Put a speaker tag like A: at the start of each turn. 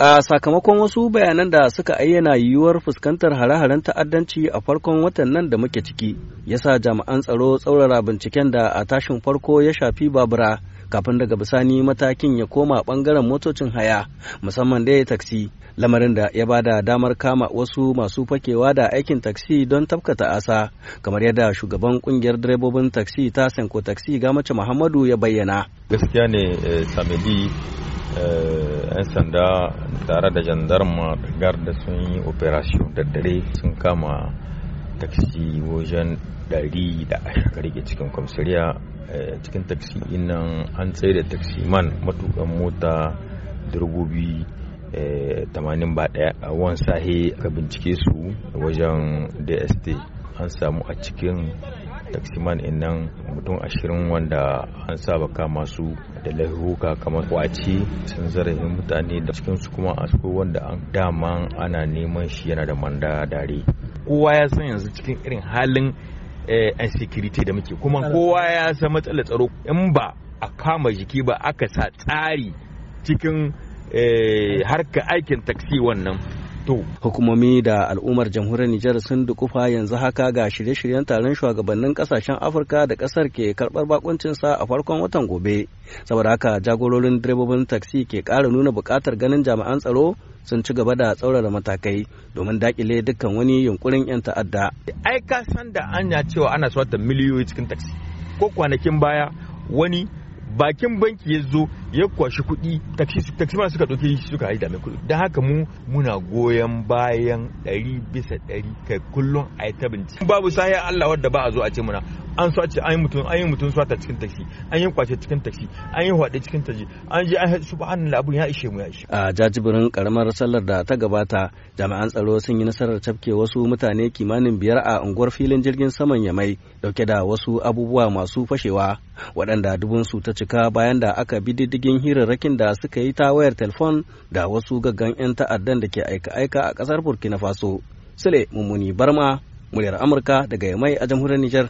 A: A sakamakon wasu bayanan da suka ayyana yiwuwar fuskantar hare-haren ta'addanci a farkon watan nan da muke ciki, ya sa jami'an tsaro tsaurara binciken da a tashin farko ya shafi babura kafin daga bisani matakin ya koma bangaren motocin haya musamman da ya taksi lamarin da ya bada damar kama wasu masu fakewa da aikin taksi don tafkata asa kamar yadda shugaban kungiyar direbobin taksi ta senko taksi ga mace
B: muhammadu ya bayyana gaskiya ne eh, samedi Eh, 'yan sanda tare da jandarma da sun yi operation da dare sun kama taksi wajen 120 rike cikin kwamsiriya eh, cikin taksi inan an tsaye da taksi man matukan mota durgobi daya eh, a wan sahe ka bincike su wajen dst an samu a cikin man in nan mutum ashirin wanda an saba kama su da laifuka kamar kwaci sun zarafin mutane da cikinsu kuma akwai wanda an dama ana neman shi yana da manda dare kowa ya san yanzu cikin irin halin yan eh, security da muke kuma kowa ya san matsalar tsaro in ba a kama jiki ba aka sa tsari cikin eh, harka aikin taxi wannan
A: Hukumomi da al'ummar jamhuriyar Nijar sun dukufa yanzu haka ga shirye-shiryen taron shugabannin kasashen Afirka da kasar ke karɓar bakuncinsa a farkon watan gobe. Saboda haka jagororin direbobin taxi ke ƙara nuna buƙatar ganin jami'an tsaro sun ci gaba da tsaurara matakai domin dakile dukkan wani yunkurin 'yan ta'adda.
B: Ai ka san da ya cewa ana da miliyoyi cikin taxi Ko kwanakin baya wani bakin banki ya zo ya kwashi kuɗi taksi ma suka ɗauke shi suka haida mai kuɗi don haka mu muna goyon bayan ɗari bisa ɗari kai kullum a yi ta babu sahiya Allah wadda ba a zo a ce muna an swace an yi mutum an yi mutum ta cikin taksi an yi kwace cikin taksi an yi hwade cikin taxi an je an subhanallahi abun ya ishe mu ya ishe a
A: jajibirin karamar sallar da ta gabata jami'an tsaro sun yi nasarar tafke wasu mutane kimanin biyar a unguwar filin jirgin saman yamai dauke da wasu abubuwa masu fashewa waɗanda dubunsu ta cika bayan da aka bi diddigin hirarrakin da suka yi ta wayar telefon da wasu gaggan 'yan ta'addan da ke aika-aika a ƙasar burkina faso sule mummuni barma muryar amurka daga yamai a jamhuriyar nijar